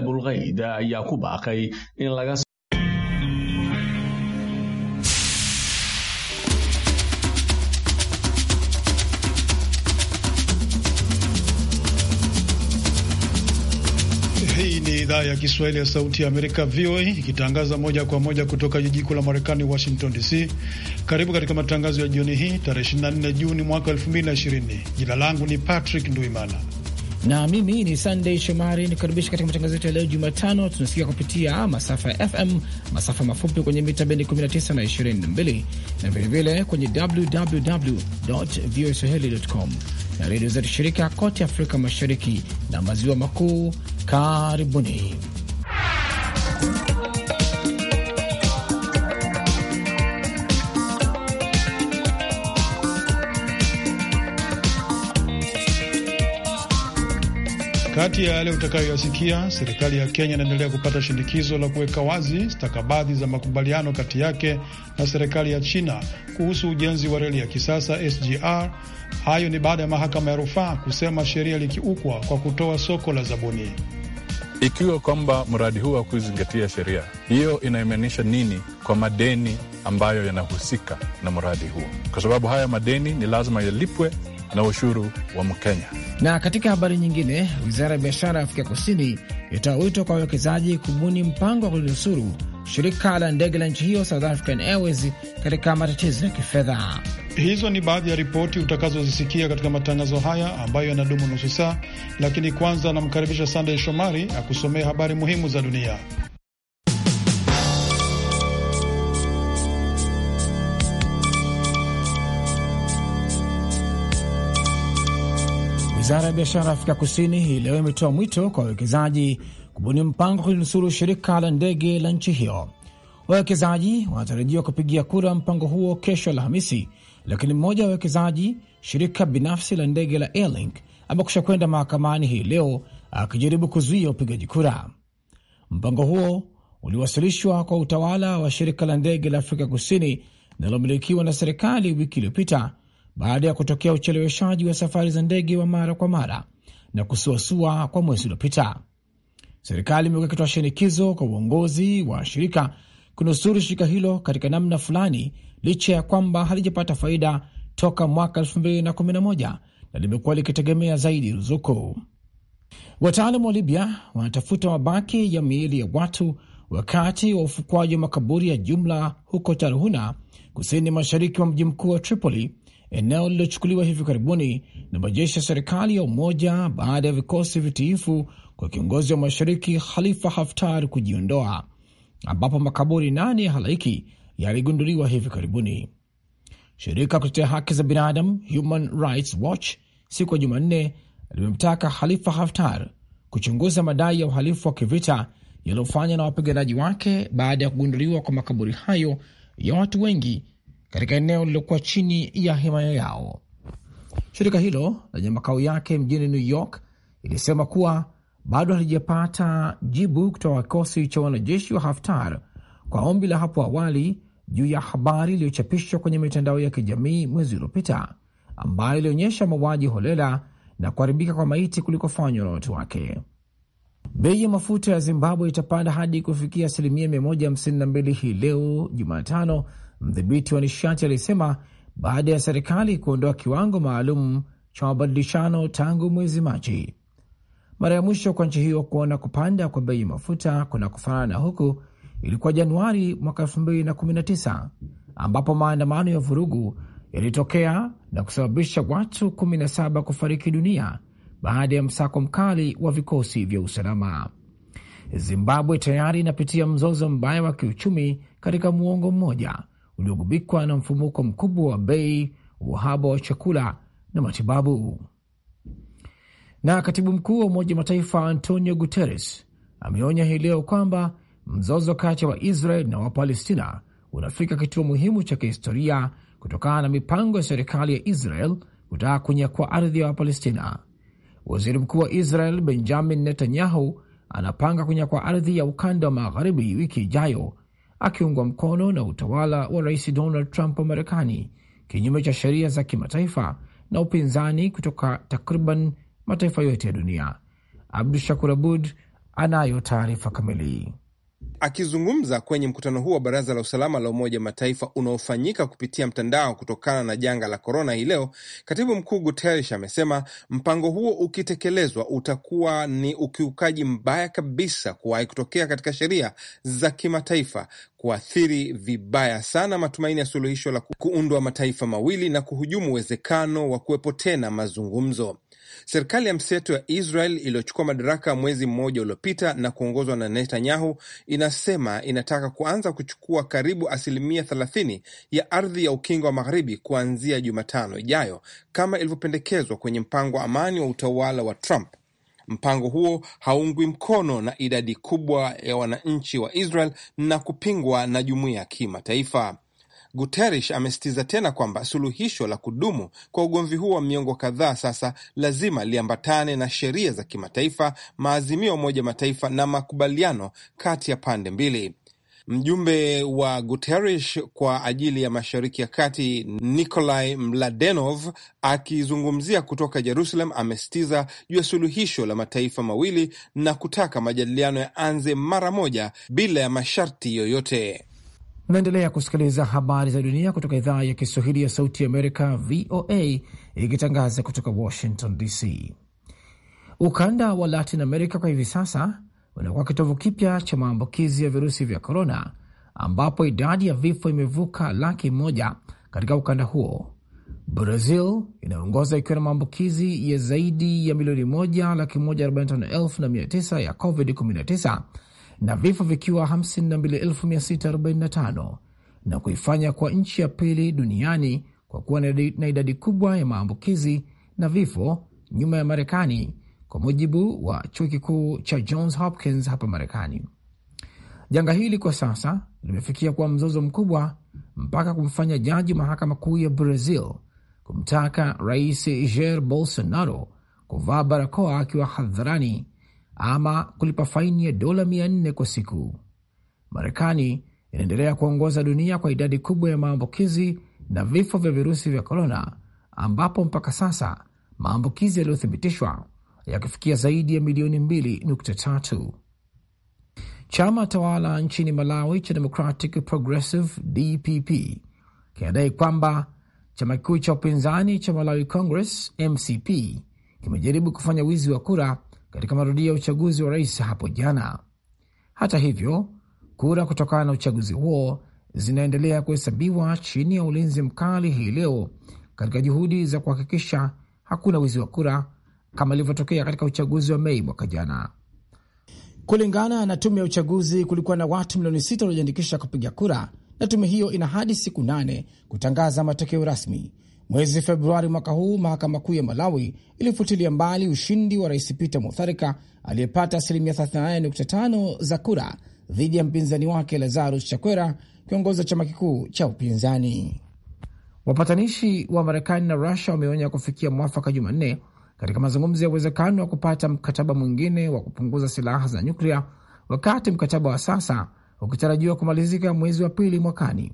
Bulqayda ayaa ku baaqay in laga Hii ni idhaa ya Kiswahili ya Sauti ya Amerika, VOA, ikitangaza moja kwa moja kutoka jiji kuu la Marekani, Washington DC. Karibu katika matangazo ya jioni hii tarehe 24 Juni mwaka 2020. Jina langu ni Patrick Nduimana na mimi ni sandey Shomari nikukaribisha katika matangazo yetu ya leo Jumatano. Tunasikia kupitia masafa ya FM, masafa mafupi kwenye mita bendi 19 na 22, na vilevile kwenye www voa swahili.com na redio zetu shirika kote Afrika Mashariki na Maziwa Makuu. Karibuni. Kati ya yale utakayoyasikia, serikali ya Kenya inaendelea kupata shinikizo la kuweka wazi stakabadhi za makubaliano kati yake na serikali ya China kuhusu ujenzi wa reli ya kisasa SGR. Hayo ni baada ya mahakama ya rufaa kusema sheria likiukwa kwa kutoa soko la zabuni. Ikiwa kwamba mradi huu hakuzingatia sheria hiyo, inaimanisha nini kwa madeni ambayo yanahusika na mradi huo? Kwa sababu haya madeni ni lazima yalipwe na ushuru wa Mkenya. Na katika habari nyingine, wizara ya biashara ya Afrika Kusini itoa wito kwa wawekezaji kubuni mpango wa kulinusuru shirika la ndege la nchi hiyo South African Airways katika matatizo ya kifedha. Hizo ni baadhi ya ripoti utakazozisikia katika matangazo haya ambayo yanadumu nusu saa, lakini kwanza anamkaribisha Sandey Shomari akusomea habari muhimu za dunia. Wizara ya biashara ya Afrika Kusini hii leo imetoa mwito kwa wawekezaji kubuni mpango kulinusuru shirika la ndege la nchi hiyo. Wawekezaji wanatarajiwa kupigia kura mpango huo kesho Alhamisi, lakini mmoja wa wawekezaji, shirika binafsi la ndege la Airlink, amekusha kwenda mahakamani hii leo akijaribu kuzuia upigaji kura. Mpango huo uliwasilishwa kwa utawala wa shirika la ndege la Afrika Kusini linalomilikiwa na serikali wiki iliyopita baada ya kutokea ucheleweshaji wa safari za ndege wa mara kwa mara na kusuasua kwa mwezi uliopita. Serikali imekuwa ikitoa shinikizo kwa uongozi wa shirika kunusuru shirika hilo katika namna fulani, licha ya kwamba halijapata faida toka mwaka 2011 na, na limekuwa likitegemea zaidi ruzuku. Wataalamu wa Libya wanatafuta mabaki ya miili ya watu wakati wa ufukwaji wa makaburi ya jumla huko Tarhuna, kusini mashariki wa mji mkuu wa Tripoli eneo lililochukuliwa hivi karibuni na majeshi ya serikali ya umoja baada ya vikosi vitiifu kwa kiongozi wa mashariki Khalifa Haftar kujiondoa, ambapo makaburi nane ya halaiki yaligunduliwa hivi karibuni. Shirika kutetea haki za binadamu Human Rights Watch siku ya Jumanne limemtaka Khalifa Haftar kuchunguza madai ya uhalifu wa kivita yaliyofanywa na wapiganaji wake baada ya kugunduliwa kwa makaburi hayo ya watu wengi katika eneo lililokuwa chini ya himaya yao. Shirika hilo lenye makao yake mjini New York ilisema kuwa bado halijapata jibu kutoka kikosi cha wanajeshi wa Haftar kwa ombi la hapo awali juu ya habari iliyochapishwa kwenye mitandao ya kijamii mwezi uliopita ambayo ilionyesha mauaji holela na kuharibika kwa maiti kulikofanywa na watu wake. Bei ya mafuta ya Zimbabwe itapanda hadi kufikia asilimia 152 hii leo Jumatano, Mdhibiti wa nishati alisema baada ya serikali kuondoa kiwango maalum cha mabadilishano tangu mwezi Machi. Mara ya mwisho kwa nchi hiyo kuona kupanda kwa bei ya mafuta kuna kufanana na huku ilikuwa Januari mwaka 2019 ambapo maandamano ya vurugu yalitokea na kusababisha watu 17 kufariki dunia baada ya msako mkali wa vikosi vya usalama. Zimbabwe tayari inapitia mzozo mbaya wa kiuchumi katika muongo mmoja uliogubikwa na mfumuko mkubwa wa bei, uhaba wa chakula na matibabu. Na katibu mkuu wa Umoja Mataifa Antonio Guterres ameonya hii leo kwamba mzozo kati ya Waisrael na Wapalestina unafika kituo muhimu cha kihistoria kutokana na mipango ya serikali ya Israel kutaka kunyakua ardhi ya Wapalestina. Waziri mkuu wa Israel Benjamin Netanyahu anapanga kunyakua ardhi ya ukanda wa magharibi wiki ijayo akiungwa mkono na utawala wa Rais Donald Trump wa Marekani, kinyume cha sheria za kimataifa na upinzani kutoka takriban mataifa yote ya dunia. Abdu Shakur Abud anayo taarifa kamili. Akizungumza kwenye mkutano huu wa Baraza la Usalama la Umoja wa Mataifa unaofanyika kupitia mtandao kutokana na janga la korona hii leo, katibu mkuu Guterres amesema mpango huo ukitekelezwa utakuwa ni ukiukaji mbaya kabisa kuwahi kutokea katika sheria za kimataifa kuathiri vibaya sana matumaini ya suluhisho la kuundwa mataifa mawili na kuhujumu uwezekano wa kuwepo tena mazungumzo. Serikali ya mseto ya Israel iliyochukua madaraka mwezi mmoja uliopita na kuongozwa na Netanyahu inasema inataka kuanza kuchukua karibu asilimia thelathini ya ardhi ya ukingo wa magharibi kuanzia Jumatano ijayo kama ilivyopendekezwa kwenye mpango wa amani wa utawala wa Trump Mpango huo haungwi mkono na idadi kubwa ya wananchi wa Israel na kupingwa na jumuiya ya kimataifa. Guterres amesitiza tena kwamba suluhisho la kudumu kwa ugomvi huo wa miongo kadhaa sasa lazima liambatane na sheria za kimataifa, maazimio ya Umoja Mataifa na makubaliano kati ya pande mbili. Mjumbe wa Guterres kwa ajili ya Mashariki ya Kati Nikolai Mladenov akizungumzia kutoka Jerusalem amesitiza juu ya suluhisho la mataifa mawili na kutaka majadiliano yaanze mara moja bila ya masharti yoyote. Unaendelea kusikiliza habari za dunia kutoka idhaa ya Kiswahili ya Sauti ya Amerika, VOA, ikitangaza kutoka Washington DC. Ukanda wa Latin America kwa hivi sasa unakuwa kitovu kipya cha maambukizi ya virusi vya korona, ambapo idadi ya vifo imevuka laki moja katika ukanda huo. Brazil inaongoza ikiwa na maambukizi ya zaidi ya milioni moja laki moja arobaini na tano elfu na mia tisa ya COVID-19 na vifo vikiwa 52645 na kuifanya kwa nchi ya pili duniani kwa kuwa na idadi kubwa ya maambukizi na vifo nyuma ya Marekani kwa mujibu wa chuo kikuu cha Johns Hopkins hapa Marekani. Janga hili kwa sasa limefikia kuwa mzozo mkubwa mpaka kumfanya jaji mahakama kuu ya Brazil kumtaka rais Jair Bolsonaro kuvaa barakoa akiwa hadharani ama kulipa faini ya dola mia nne kwa siku. Marekani inaendelea kuongoza dunia kwa idadi kubwa ya maambukizi na vifo vya virusi vya korona, ambapo mpaka sasa maambukizi yaliyothibitishwa yakifikia zaidi ya milioni 2.3. Chama tawala nchini Malawi cha Democratic Progressive DPP kinadai kwamba chama kikuu cha upinzani cha Malawi Congress MCP kimejaribu kufanya wizi wa kura katika marudio ya uchaguzi wa rais hapo jana. Hata hivyo, kura kutokana na uchaguzi huo zinaendelea kuhesabiwa chini ya ulinzi mkali hii leo katika juhudi za kuhakikisha hakuna wizi wa kura kama ilivyotokea katika uchaguzi wa Mei mwaka jana. Kulingana na tume ya uchaguzi, kulikuwa na watu milioni sita waliojiandikisha kupiga kura, na tume hiyo ina hadi siku nane kutangaza matokeo rasmi. Mwezi Februari mwaka huu, mahakama kuu ya Malawi ilifutilia mbali ushindi wa rais Peter Mutharika aliyepata asilimia 38.5 za kura dhidi ya mpinzani wake Lazarus Chakwera, kiongozi chama kikuu cha upinzani. Wapatanishi wa Marekani na Rusia wameonya kufikia mwafaka Jumanne katika mazungumzo ya uwezekano wa kupata mkataba mwingine wa kupunguza silaha za nyuklia, wakati mkataba wa sasa ukitarajiwa kumalizika mwezi wa pili mwakani.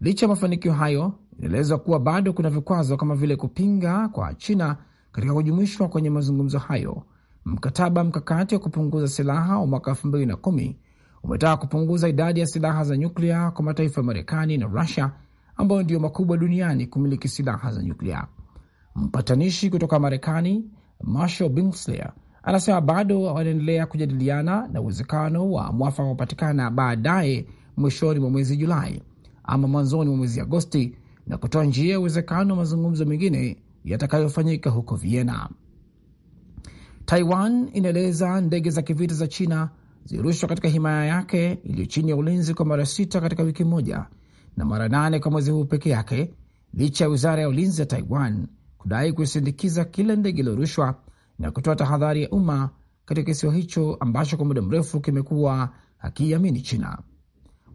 Licha ya mafanikio hayo, inaelezwa kuwa bado kuna vikwazo kama vile kupinga kwa China katika kujumuishwa kwenye mazungumzo hayo. Mkataba mkakati wa kupunguza silaha wa mwaka elfu mbili na kumi umetaka kupunguza idadi ya silaha za nyuklia kwa mataifa ya Marekani na Rusia ambayo ndiyo makubwa duniani kumiliki silaha za nyuklia. Mpatanishi kutoka Marekani Marshall Billsler anasema bado wanaendelea kujadiliana na uwezekano wa mwafaka kupatikana baadaye mwishoni mwa mwezi Julai ama mwanzoni mwa mwezi Agosti na kutoa njia ya uwezekano wa mazungumzo mengine yatakayofanyika huko Vienna. Taiwan inaeleza ndege za kivita za China zilirushwa katika himaya yake iliyo chini ya ulinzi kwa mara sita katika wiki moja na mara nane kwa mwezi huu peke yake, licha ya wizara ya ulinzi ya Taiwan kudai kusindikiza kila ndege la rushwa na kutoa tahadhari ya umma katika kisiwa hicho ambacho kwa muda mrefu kimekuwa akiiamini China.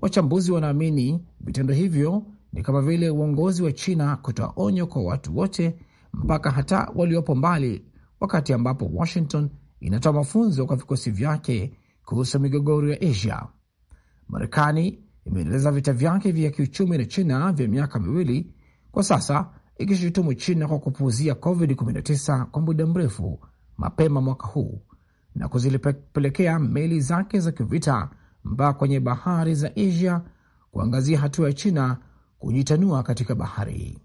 Wachambuzi wanaamini vitendo hivyo ni kama vile uongozi wa China kutoa onyo kwa watu wote, mpaka hata waliopo mbali, wakati ambapo Washington inatoa mafunzo kwa vikosi vyake kuhusu migogoro ya Asia. Marekani imeendeleza vita vyake vya kiuchumi na China vya miaka miwili kwa sasa ikishutumu China kwa kupuuzia COVID-19 kwa muda mrefu mapema mwaka huu na kuzilipelekea meli zake za kivita mpaka kwenye bahari za Asia kuangazia hatua ya China kujitanua katika bahari.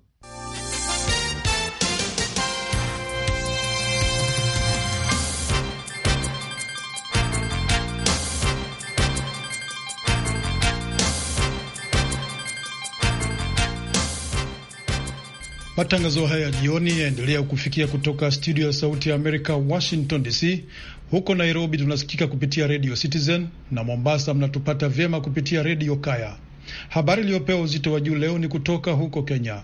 Matangazo haya ya jioni yaendelea kufikia kutoka studio ya Sauti ya Amerika, Washington DC. Huko Nairobi tunasikika kupitia redio Citizen na Mombasa mnatupata vyema kupitia redio Kaya. Habari iliyopewa uzito wa juu leo ni kutoka huko Kenya.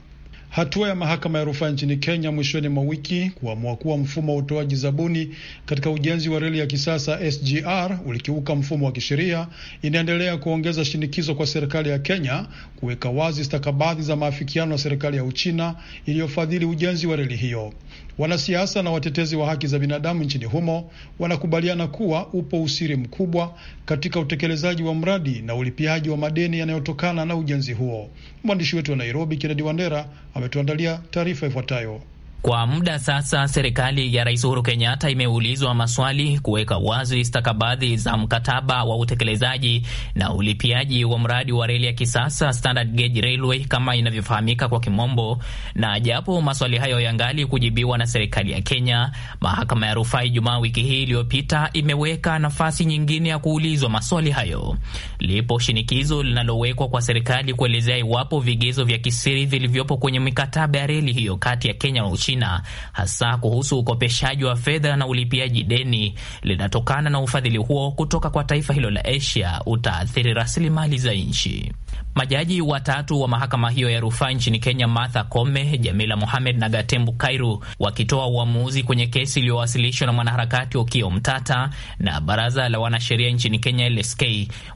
Hatua ya mahakama ya rufaa nchini Kenya mwishoni mwa wiki kuamua kuwa mfumo wa utoaji zabuni katika ujenzi wa reli ya kisasa SGR ulikiuka mfumo wa kisheria inaendelea kuongeza shinikizo kwa serikali ya Kenya kuweka wazi stakabadhi za maafikiano na serikali ya Uchina iliyofadhili ujenzi wa reli hiyo. Wanasiasa na watetezi wa haki za binadamu nchini humo wanakubaliana kuwa upo usiri mkubwa katika utekelezaji wa mradi na ulipiaji wa madeni yanayotokana na ujenzi huo. Mwandishi wetu wa Nairobi, Kennedy Wandera, ametuandalia taarifa ifuatayo. Kwa muda sasa serikali ya Rais Uhuru Kenyatta imeulizwa maswali kuweka wazi stakabadhi za mkataba wa utekelezaji na ulipiaji wa mradi wa reli ya kisasa Standard Gauge Railway kama inavyofahamika kwa kimombo, na japo maswali hayo yangali kujibiwa na serikali ya Kenya, mahakama ya rufaa Ijumaa wiki hii iliyopita imeweka nafasi nyingine ya kuulizwa maswali hayo. Lipo shinikizo linalowekwa kwa serikali kuelezea iwapo vigezo vya kisiri vilivyopo kwenye mikataba ya reli hiyo kati ya Kenya na China, hasa kuhusu ukopeshaji wa fedha na ulipiaji deni linatokana na ufadhili huo kutoka kwa taifa hilo la Asia utaathiri rasilimali za nchi. Majaji watatu wa mahakama hiyo ya rufaa nchini Kenya, Martha Koome, Jamila Mohamed na Gatembu Kairu, wakitoa uamuzi kwenye kesi iliyowasilishwa na mwanaharakati Okio Mtata na baraza la wanasheria nchini Kenya, LSK,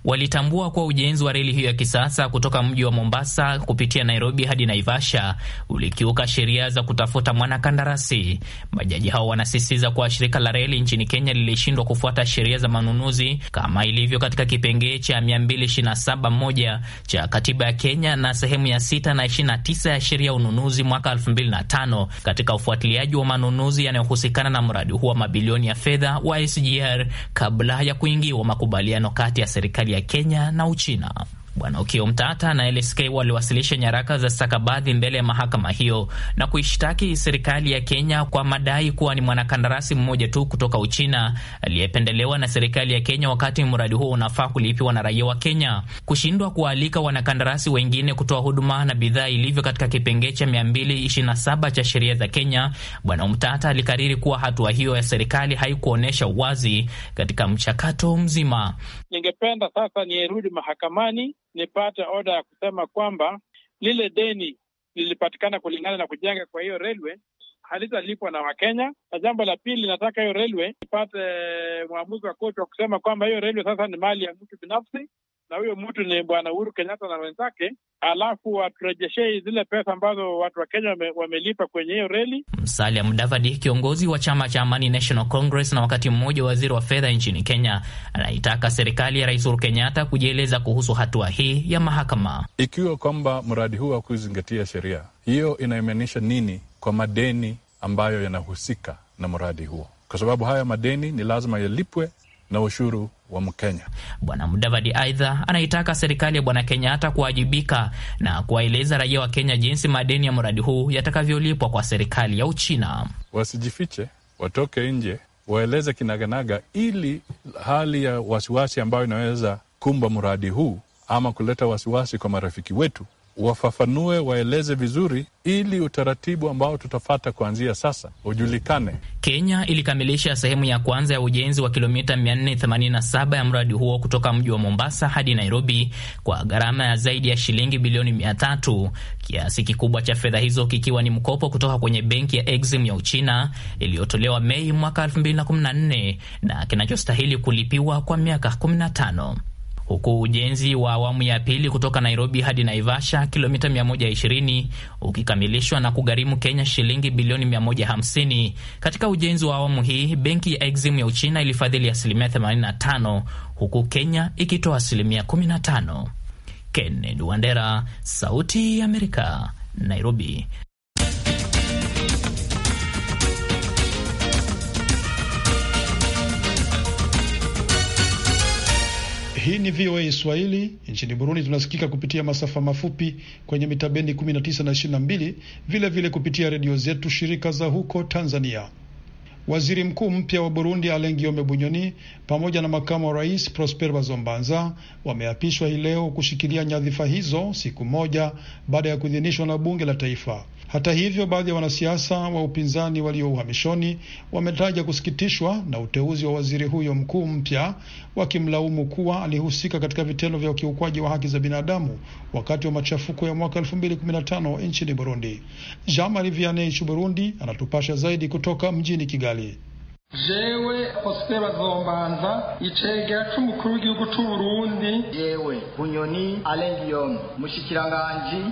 walitambua kuwa ujenzi wa reli hiyo ya kisasa kutoka mji wa Mombasa kupitia Nairobi hadi Naivasha ulikiuka sheria za kutafuta mwanakandarasi. Majaji hao wanasisitiza kuwa shirika la reli nchini Kenya lilishindwa kufuata sheria za manunuzi kama ilivyo katika kipengee cha 227.1 cha katiba ya Kenya na sehemu ya 6 na 29 ya sheria ya ununuzi mwaka 2005 katika ufuatiliaji wa manunuzi yanayohusikana na mradi huo wa mabilioni ya fedha wa SGR kabla ya kuingiwa makubaliano kati ya serikali ya Kenya na Uchina. Bwana Ukio Mtata na LSK waliwasilisha nyaraka za stakabadhi mbele ya mahakama hiyo na kuishtaki serikali ya Kenya kwa madai kuwa ni mwanakandarasi mmoja tu kutoka Uchina aliyependelewa na serikali ya Kenya wakati mradi huo unafaa kulipiwa na raia wa Kenya, kushindwa kuwaalika wanakandarasi wengine kutoa huduma na bidhaa ilivyo katika kipengee cha 227 cha sheria za Kenya. Bwana Mtata alikariri kuwa hatua hiyo ya serikali haikuonyesha uwazi katika mchakato mzima. Ningependa sasa nirudi mahakamani nipate oda ya kusema kwamba lile deni lilipatikana kulingana na kujenga kwa hiyo railway halitalipwa na Wakenya. Na jambo la pili, nataka hiyo railway ipate eh, mwamuzi wa koti wa kusema kwamba hiyo railway sasa ni mali ya mtu binafsi, na huyo mtu ni Bwana Uhuru Kenyatta na wenzake, alafu waturejeshee zile pesa ambazo watu wa Kenya wamelipa kwenye hiyo reli. Musalia Mudavadi, kiongozi wa chama cha Amani National Congress na wakati mmoja waziri wa fedha nchini Kenya, anaitaka serikali ya Rais Uhuru Kenyatta kujieleza kuhusu hatua hii ya mahakama, ikiwa kwamba mradi huu hakuzingatia sheria. Hiyo inaimanisha nini kwa madeni ambayo yanahusika na mradi huo? Kwa sababu haya madeni ni lazima yalipwe na ushuru wa Mkenya. Bwana Mudavadi aidha anaitaka serikali ya Bwana Kenyatta kuwajibika na kuwaeleza raia wa Kenya jinsi madeni ya mradi huu yatakavyolipwa kwa serikali ya Uchina. Wasijifiche, watoke nje, waeleze kinaganaga, ili hali ya wasiwasi ambayo inaweza kumba mradi huu ama kuleta wasiwasi kwa marafiki wetu wafafanue, waeleze vizuri, ili utaratibu ambao tutafata kuanzia sasa ujulikane. Kenya ilikamilisha sehemu ya kwanza ya ujenzi wa kilomita 487 ya mradi huo kutoka mji wa Mombasa hadi Nairobi kwa gharama ya zaidi ya shilingi bilioni 300, kiasi kikubwa cha fedha hizo kikiwa ni mkopo kutoka kwenye benki ya Exim ya Uchina iliyotolewa Mei mwaka 2014 na kinachostahili kulipiwa kwa miaka 15 huku ujenzi wa awamu ya pili kutoka Nairobi hadi Naivasha, kilomita 120 ukikamilishwa na kugharimu Kenya shilingi bilioni 150. Katika ujenzi wa awamu hii, benki ya Exim ya Uchina ilifadhili asilimia 85 huku Kenya ikitoa asilimia 15. Kennedy Wandera, Sauti ya Amerika, Nairobi. Hii ni VOA Swahili. Nchini Burundi tunasikika kupitia masafa mafupi kwenye mitabendi 19 na 22, vilevile vile kupitia redio zetu shirika za huko Tanzania. Waziri mkuu mpya wa Burundi Alain Guillaume Bunyoni pamoja na makamu wa rais Prosper Bazombanza wameapishwa hii leo kushikilia nyadhifa hizo siku moja baada ya kuidhinishwa na bunge la taifa. Hata hivyo, baadhi ya wanasiasa wa upinzani walio uhamishoni wametaja kusikitishwa na uteuzi wa waziri huyo mkuu mpya, wakimlaumu kuwa alihusika katika vitendo vya ukiukwaji wa haki za binadamu wakati wa machafuko ya mwaka 2015 nchini Burundi. Jean Marie Vianney Burundi anatupasha zaidi kutoka mjini Kigali jewe Hosite bazombanza icegera c'umukuru w'igihugu c'u Burundi jewe Bunyoni Alain Guillaume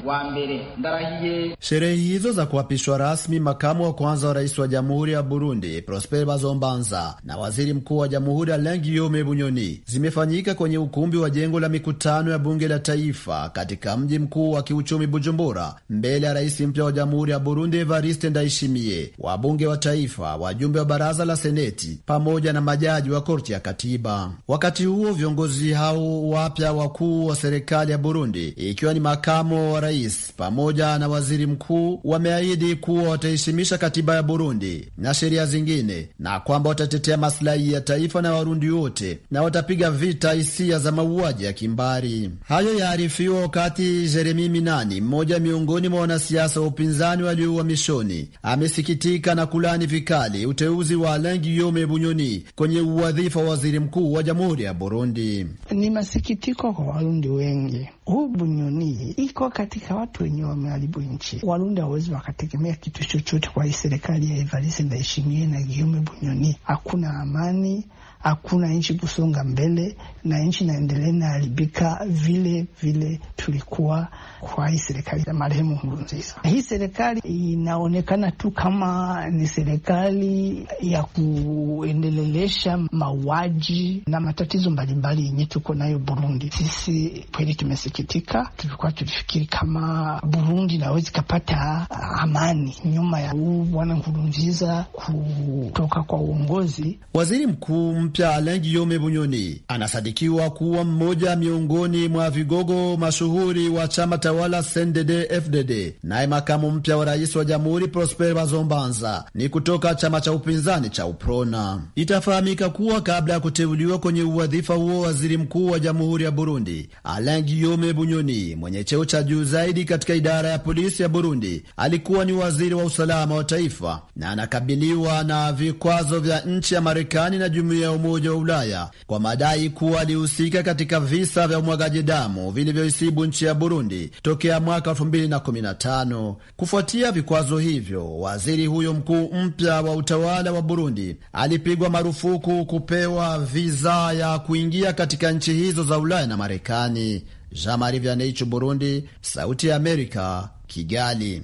wa mbere ndarahiye. Sherehe hizo za kuapishwa rasmi makamu wa kwanza wa rais wa Jamhuri ya Burundi Prosper Bazombanza na waziri mkuu wa Jamhuri alengiome Bunyoni zimefanyika kwenye ukumbi wa jengo la mikutano ya bunge la taifa katika mji mkuu wa kiuchumi Bujumbura, mbele ya rais mpya wa Jamhuri ya Burundi Evariste Ndayishimiye, wabunge wa taifa, wajumbe wa baraza la Seneti pamoja na majaji wa korti ya katiba. Wakati huo viongozi hao wapya wakuu wa serikali ya Burundi, ikiwa ni makamo wa rais pamoja na waziri mkuu, wameahidi kuwa wataheshimisha katiba ya Burundi na sheria zingine na kwamba watatetea masilahi ya taifa na Warundi wote na watapiga vita hisia za mauaji ya kimbari. Hayo yaarifiwa wakati Jeremi Minani, mmoja miongoni mwa wanasiasa wa upinzani mishoni amesikitika na kulani vikali uteuzi wa Alain Guillaume Bunyoni kwenye uwadhifa wa waziri mkuu wa jamhuri ya Burundi. Ni masikitiko kwa Warundi wengi, huu Bunyoni iko katika watu wenye wameharibu nchi. Warundi hawawezi wakategemea kitu chochote kwa hii serikali ya Evariste Ndayishimiye na Guillaume Bunyoni. Hakuna amani, hakuna nchi kusonga mbele, na nchi inaendelea inaharibika vile vile tulikuwa kwa hii serikali ya marehemu Nkurunziza. Hii serikali inaonekana tu kama ni serikali ya ku kuendelelesha mauaji na matatizo mbalimbali yenye tuko nayo Burundi. Sisi kweli tumesikitika, tulikuwa tulifikiri kama Burundi nawezi kapata amani nyuma ya huu bwana Nkurunziza kutoka kwa uongozi. Waziri mkuu mpya Alain Guillaume Bunyoni anasadikiwa kuwa mmoja miongoni mwa vigogo mashuhuri wa chama tawala CNDD FDD. Naye makamu mpya wa rais wa jamhuri Prosper Bazombanza ni kutoka chama cha upinzani cha Uprona. Itafahamika kuwa kabla ya kuteuliwa kwenye uwadhifa huo, waziri mkuu wa jamhuri ya Burundi Alain Guillaume Bunyoni mwenye cheo cha juu zaidi katika idara ya polisi ya Burundi alikuwa ni waziri wa usalama wa taifa na anakabiliwa na vikwazo vya nchi ya Marekani na jumuiya ya Umoja wa Ulaya kwa madai kuwa alihusika katika visa vya umwagaji damu vilivyoisibu nchi ya Burundi tokea mwaka 2015. Kufuatia vikwazo hivyo, waziri huyo mkuu mpya wa utawala wa Burundi Magharibi alipigwa marufuku kupewa viza ya kuingia katika nchi hizo za Ulaya na Marekani. Jean Marie Vianney, Burundi, Sauti ya Amerika, Kigali.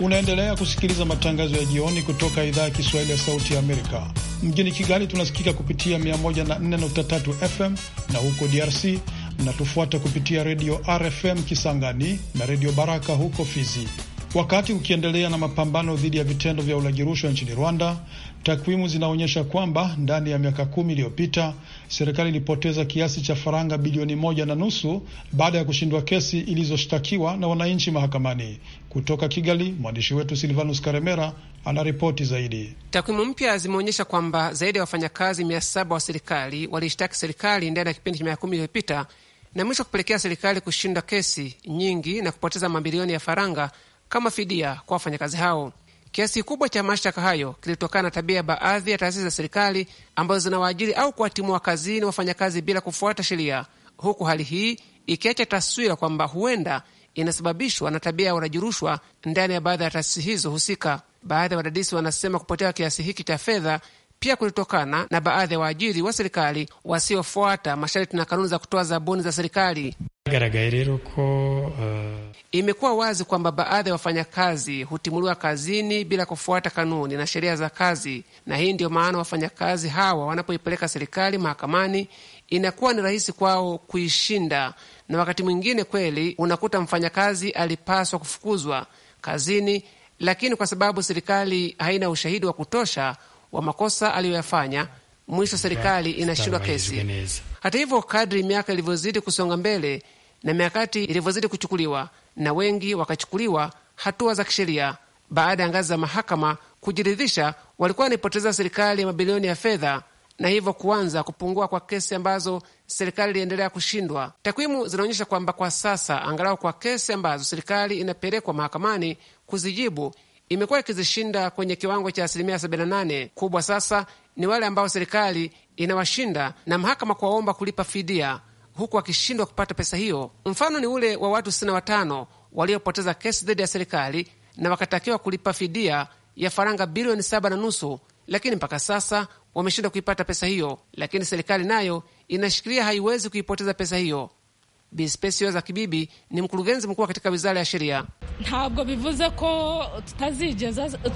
Unaendelea kusikiliza matangazo ya jioni kutoka idhaa ya Kiswahili ya Sauti ya Amerika. Mjini Kigali tunasikika kupitia 104.3 FM na huko DRC mnatufuata kupitia redio RFM Kisangani na redio Baraka huko Fizi. Wakati ukiendelea na mapambano dhidi ya vitendo vya ulaji rushwa nchini Rwanda, takwimu zinaonyesha kwamba ndani ya miaka kumi iliyopita serikali ilipoteza kiasi cha faranga bilioni moja na nusu baada ya kushindwa kesi ilizoshtakiwa na wananchi mahakamani. Kutoka Kigali, mwandishi wetu Silvanus Karemera anaripoti zaidi. Takwimu mpya zimeonyesha kwamba zaidi ya wafanyakazi mia saba wa serikali walishtaki serikali ndani ya kipindi cha miaka kumi iliyopita na mwisho kupelekea serikali kushinda kesi nyingi na kupoteza mabilioni ya faranga kama fidia kwa wafanyakazi hao. Kiasi kubwa cha mashtaka hayo kilitokana na tabia ya baadhi ya taasisi za serikali ambazo zinawaajiri au kuwatimua kazini wafanyakazi bila kufuata sheria, huku hali hii ikiacha taswira kwamba huenda inasababishwa na tabia ya uraji rushwa ndani ya baadhi ya taasisi hizo husika. Baadhi ya wadadisi wanasema kupotea kiasi hiki cha fedha pia kulitokana na baadhi ya waajiri wa serikali wasiofuata masharti na kanuni za kutoa zabuni za serikali. Imekuwa wazi kwamba baadhi ya wafanyakazi hutimuliwa kazini bila kufuata kanuni na sheria za kazi, na hii ndiyo maana wafanyakazi hawa wanapoipeleka serikali mahakamani inakuwa ni rahisi kwao kuishinda. Na wakati mwingine kweli unakuta mfanyakazi alipaswa kufukuzwa kazini, lakini kwa sababu serikali haina ushahidi wa kutosha wa makosa aliyoyafanya, mwisho serikali inashindwa kesi. Hata hivyo, kadri miaka ilivyozidi kusonga mbele na mikakati ilivyozidi kuchukuliwa na wengi wakachukuliwa hatua za kisheria baada ya ngazi za mahakama kujiridhisha walikuwa wanaipoteza serikali ya mabilioni ya fedha na hivyo kuanza kupungua kwa kesi ambazo serikali iliendelea kushindwa. Takwimu zinaonyesha kwamba kwa sasa, angalau kwa kesi ambazo serikali inapelekwa mahakamani kuzijibu, imekuwa ikizishinda kwenye kiwango cha asilimia 78. Kubwa sasa ni wale ambao serikali inawashinda na mahakama kuwaomba kulipa fidia huku akishindwa kupata pesa hiyo. Mfano ni ule wa watu 65 waliopoteza kesi dhidi ya serikali na wakatakiwa kulipa fidia ya faranga bilioni saba na nusu, lakini mpaka sasa wameshindwa kuipata pesa hiyo, lakini serikali nayo inashikilia haiwezi kuipoteza pesa hiyo. Bispesio za Kibibi ni mkurugenzi mkuu katika wizara ya sheria. ntabwo bivuze ko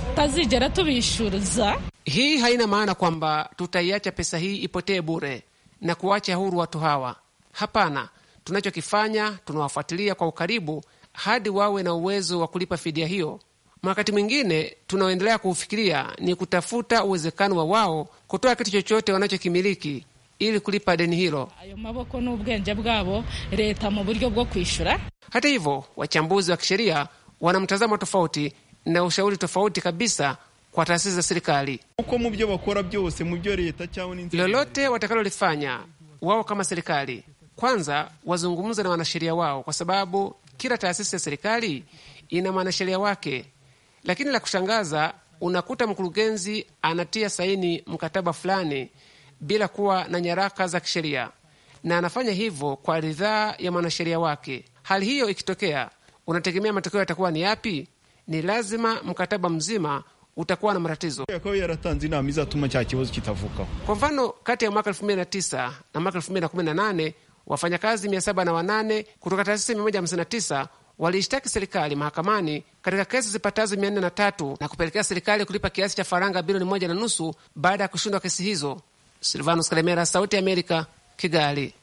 tutazigera tubishyuza. Hii haina maana kwamba tutaiacha pesa hii ipotee bure na kuwacha huru watu hawa. Hapana, tunachokifanya tunawafuatilia kwa ukaribu hadi wawe na uwezo wa kulipa fidia hiyo. Wakati mwingine tunaoendelea kuufikiria ni kutafuta uwezekano wa wao kutoa kitu chochote wanachokimiliki ili kulipa deni hilo. Hata hivyo, wachambuzi wa kisheria wana mtazamo tofauti na ushauri tofauti kabisa kwa taasisi za serikali. Lolote watakalolifanya wao kama serikali kwanza wazungumze na wanasheria wao, kwa sababu kila taasisi ya serikali ina mwanasheria wake. Lakini la kushangaza, unakuta mkurugenzi anatia saini mkataba fulani bila kuwa na nyaraka za kisheria, na anafanya hivyo kwa ridhaa ya mwanasheria wake. Hali hiyo ikitokea, unategemea matokeo yatakuwa ni yapi? Ni lazima mkataba mzima utakuwa na matatizo. Kwa mfano, kati ya mwaka 2009 na mwaka 2018 Wafanyakazi 708 kutoka taasisi 159 waliishtaki serikali mahakamani katika kesi zipatazo 403 na kupelekea serikali kulipa kiasi cha faranga bilioni moja na nusu baada ya kushindwa kesi hizo. Silvanus Kalemera, Sauti ya Amerika, Kigali.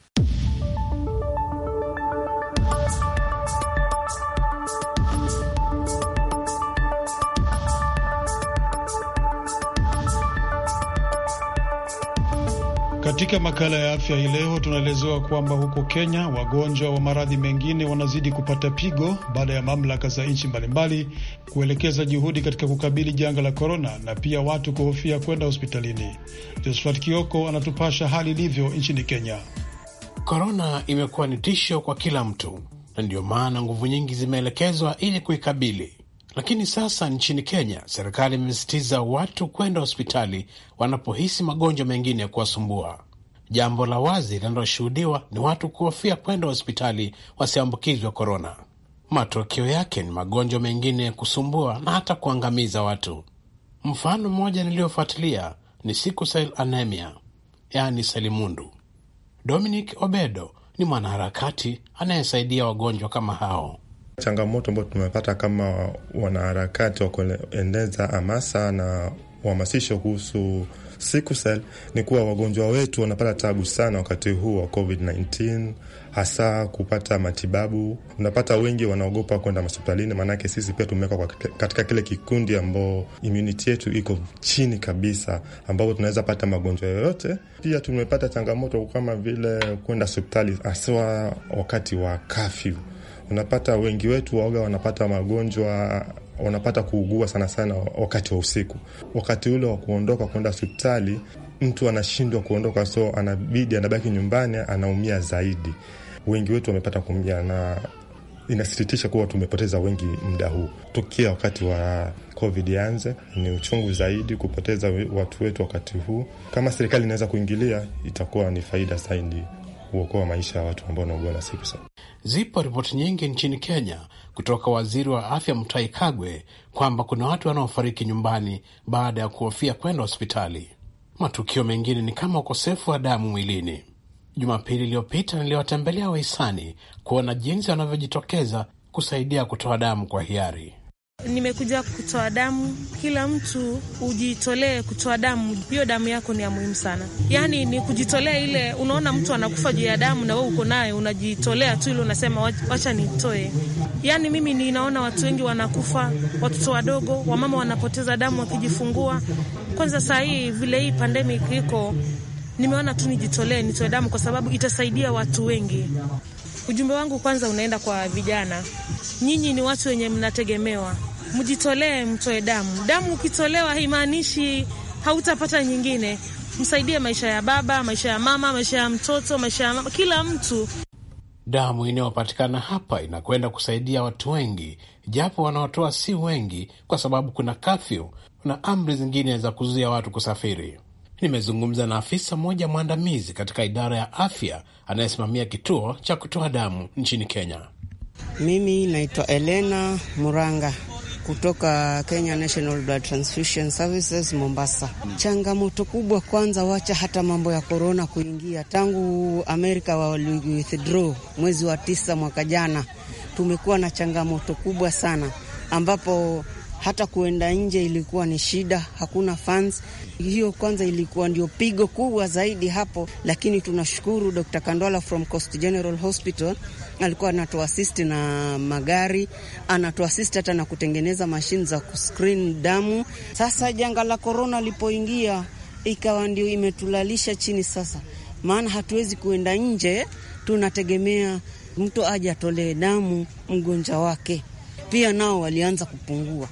Katika makala ya afya hii leo tunaelezewa kwamba huko Kenya wagonjwa wa maradhi mengine wanazidi kupata pigo baada ya mamlaka za nchi mbalimbali kuelekeza juhudi katika kukabili janga la korona na pia watu kuhofia kwenda hospitalini. Josephat Kioko anatupasha hali ilivyo nchini Kenya. Korona imekuwa ni tisho kwa kila mtu na ndiyo maana nguvu nyingi zimeelekezwa ili kuikabili. Lakini sasa nchini Kenya, serikali imesisitiza watu kwenda hospitali wanapohisi magonjwa mengine kuwasumbua. Jambo la wazi linaloshuhudiwa ni watu kuhofia kwenda hospitali wasiambukizwe korona. Matokeo yake ni magonjwa mengine kusumbua na hata kuangamiza watu. Mfano mmoja niliyofuatilia ni sickle cell anemia, yaani selimundu. Dominic Obedo ni mwanaharakati anayesaidia wagonjwa kama hao. Changamoto ambayo tumepata kama wanaharakati wa kuendeza hamasa na uhamasisho kuhusu sickle cell ni kuwa wagonjwa wetu wanapata tabu sana wakati huu wa COVID-19, hasa kupata matibabu. Unapata wengi wanaogopa kwenda hospitalini, maanake sisi pia tumewekwa katika kile kikundi ambao immunity yetu iko chini kabisa, ambapo tunaweza pata magonjwa yoyote. Pia tumepata changamoto kama vile kwenda hospitali, haswa wakati wa kafyu Unapata wengi wetu waoga wanapata magonjwa, wanapata kuugua sana sana wakati wa usiku, wakati ule wa kuondoka kwenda hospitali mtu anashindwa kuondoka, so anabidi anabaki nyumbani, anaumia zaidi. Wengi wetu wamepata kuumia, na inasititisha kuwa tumepoteza wengi muda huu. Tukia wakati wa covid ianze, ni uchungu zaidi kupoteza watu wetu wakati huu. Kama serikali inaweza kuingilia, itakuwa ni faida zaidi kuokoa maisha ya watu ambao wanaugua na sasa. Zipo ripoti nyingi nchini Kenya kutoka waziri wa afya Mutahi Kagwe kwamba kuna watu wanaofariki nyumbani baada ya kuhofia kwenda hospitali. Matukio mengine ni kama ukosefu wa damu mwilini. Jumapili iliyopita niliwatembelea wahisani kuona jinsi wanavyojitokeza kusaidia kutoa damu kwa hiari. Nimekuja kutoa damu. Kila mtu ujitolee kutoa damu, hiyo damu yako ni ya muhimu sana. Yaani ni kujitolea ile, unaona mtu anakufa juu ya damu na we uko naye, unajitolea tu ile, unasema wacha nitoe. Yaani mimi ninaona watu wengi wanakufa, watoto wadogo, wamama wanapoteza damu wakijifungua. Kwanza saa hii vile hii pandemic iko, nimeona tu nijitolee, nitoe damu kwa sababu itasaidia watu wengi. Ujumbe wangu kwanza unaenda kwa vijana, nyinyi ni watu wenye mnategemewa mjitolee, mtoe damu. Damu ukitolewa haimaanishi hautapata nyingine. Msaidie maisha ya baba, maisha ya mama, maisha ya mtoto, maisha ya mama, kila mtu. Damu inayopatikana hapa inakwenda kusaidia watu wengi, japo wanaotoa si wengi, kwa sababu kuna kafyu na amri zingine za kuzuia watu kusafiri. Nimezungumza na afisa mmoja mwandamizi katika idara ya afya anayesimamia kituo cha kutoa damu nchini Kenya. Mimi naitwa Elena Muranga, kutoka Kenya National Blood Transfusion Services Mombasa. Changamoto kubwa kwanza, wacha hata mambo ya korona kuingia, tangu Amerika wali withdraw mwezi wa tisa mwaka jana, tumekuwa na changamoto kubwa sana ambapo hata kuenda nje ilikuwa ni shida, hakuna fans. Hiyo kwanza ilikuwa ndio pigo kubwa zaidi hapo, lakini tunashukuru Dr. Kandwala from Coast General Hospital alikuwa anatuasist na magari, anatuasist hata na kutengeneza mashine za kuscreen damu. Sasa janga la korona lipoingia, ikawa ndio imetulalisha chini sasa, maana hatuwezi kuenda nje, tunategemea mtu aje atolee damu mgonjwa wake. Pia nao walianza kupungua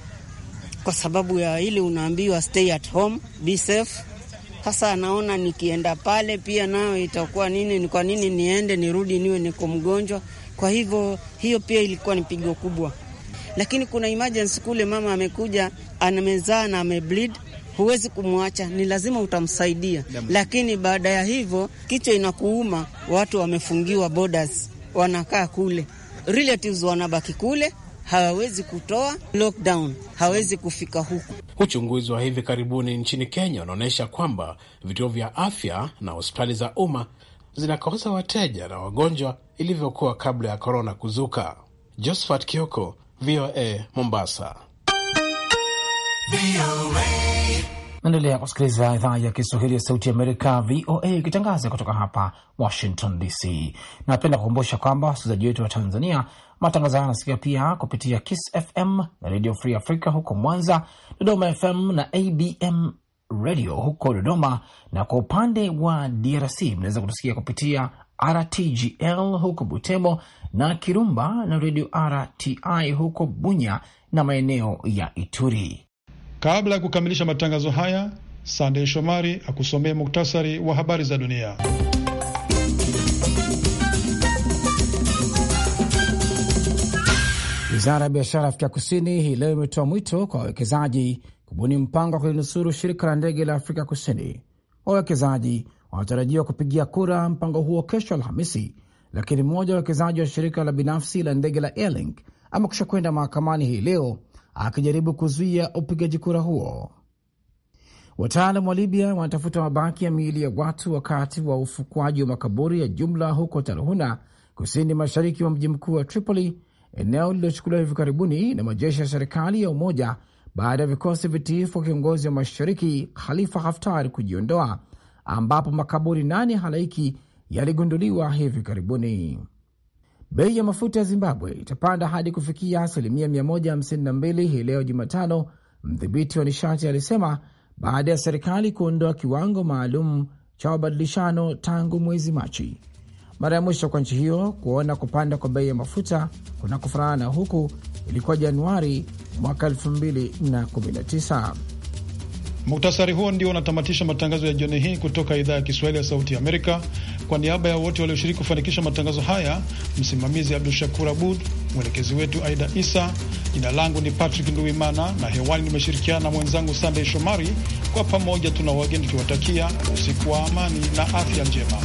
kwa sababu ya ile unaambiwa stay at home, be safe. Sasa anaona nikienda pale pia nayo itakuwa nini? Ni kwa nini niende nirudi niwe niko mgonjwa? Kwa hivyo hiyo pia ilikuwa ni pigo kubwa, lakini kuna emergency kule, mama amekuja amezaa na amebleed huwezi kumwacha, ni lazima utamsaidia. Lakini baada ya hivyo kichwa inakuuma, watu wamefungiwa borders, wanakaa kule, relatives wanabaki kule, hawawezi kutoa lockdown, hawezi kufika huku. Uchunguzi wa hivi karibuni nchini Kenya unaonyesha kwamba vituo vya afya na hospitali za umma zinakosa wateja na wagonjwa ilivyokuwa kabla ya korona kuzuka. Josephat Kioko, VOA Mombasa. Naendelea kusikiliza idhaa ya Kiswahili ya Sauti Amerika, VOA, ikitangaza kutoka hapa Washington DC. Napenda kukumbusha kwamba wasikilizaji wetu wa Tanzania Matangazo haya yanasikika pia kupitia Kiss FM na Radio Free Africa huko Mwanza, Dodoma FM na ABM Radio huko Dodoma, na kwa upande wa DRC mnaweza kutusikia kupitia RTGL huko Butembo na Kirumba na Radio RTI huko Bunya na maeneo ya Ituri. Kabla ya kukamilisha matangazo haya, Sandey Shomari akusomee muktasari wa habari za dunia. Wizara ya biashara Afrika Kusini hii leo imetoa mwito kwa wawekezaji kubuni mpango wa kulinusuru shirika la ndege la Afrika Kusini. Wawekezaji wanatarajiwa kupigia kura mpango huo kesho Alhamisi, lakini mmoja wa wawekezaji wa shirika la binafsi la ndege la Airlink amekusha kwenda mahakamani hii leo akijaribu kuzuia upigaji kura huo. Wataalam wa Libya wanatafuta mabaki ya miili ya watu wakati wa ufukuaji wa makaburi ya jumla huko Tarhuna, kusini mashariki wa mji mkuu wa Tripoli, eneo lililochukuliwa hivi karibuni na majeshi ya serikali ya umoja baada ya vikosi vitiifu wa kiongozi wa mashariki Khalifa Haftar kujiondoa, ambapo makaburi nane halaiki yaligunduliwa hivi karibuni. Bei ya mafuta ya Zimbabwe itapanda hadi kufikia asilimia 152 hii leo Jumatano, mdhibiti wa nishati alisema baada ya serikali kuondoa kiwango maalum cha mabadilishano tangu mwezi Machi. Mara ya mwisho kwa nchi hiyo kuona kupanda kwa bei ya mafuta kunakofanana na huku ilikuwa Januari mwaka 2019. Muktasari huo ndio unatamatisha matangazo ya jioni hii kutoka idhaa ya Kiswahili ya Sauti Amerika. Kwa niaba ya wote walioshiriki kufanikisha matangazo haya, msimamizi Abdu Shakur Abud, mwelekezi wetu Aida Isa. Jina langu ni Patrick Nduwimana na hewani nimeshirikiana na mwenzangu Sandey Shomari. Kwa pamoja tuna wageni tukiwatakia usiku wa amani na afya njema.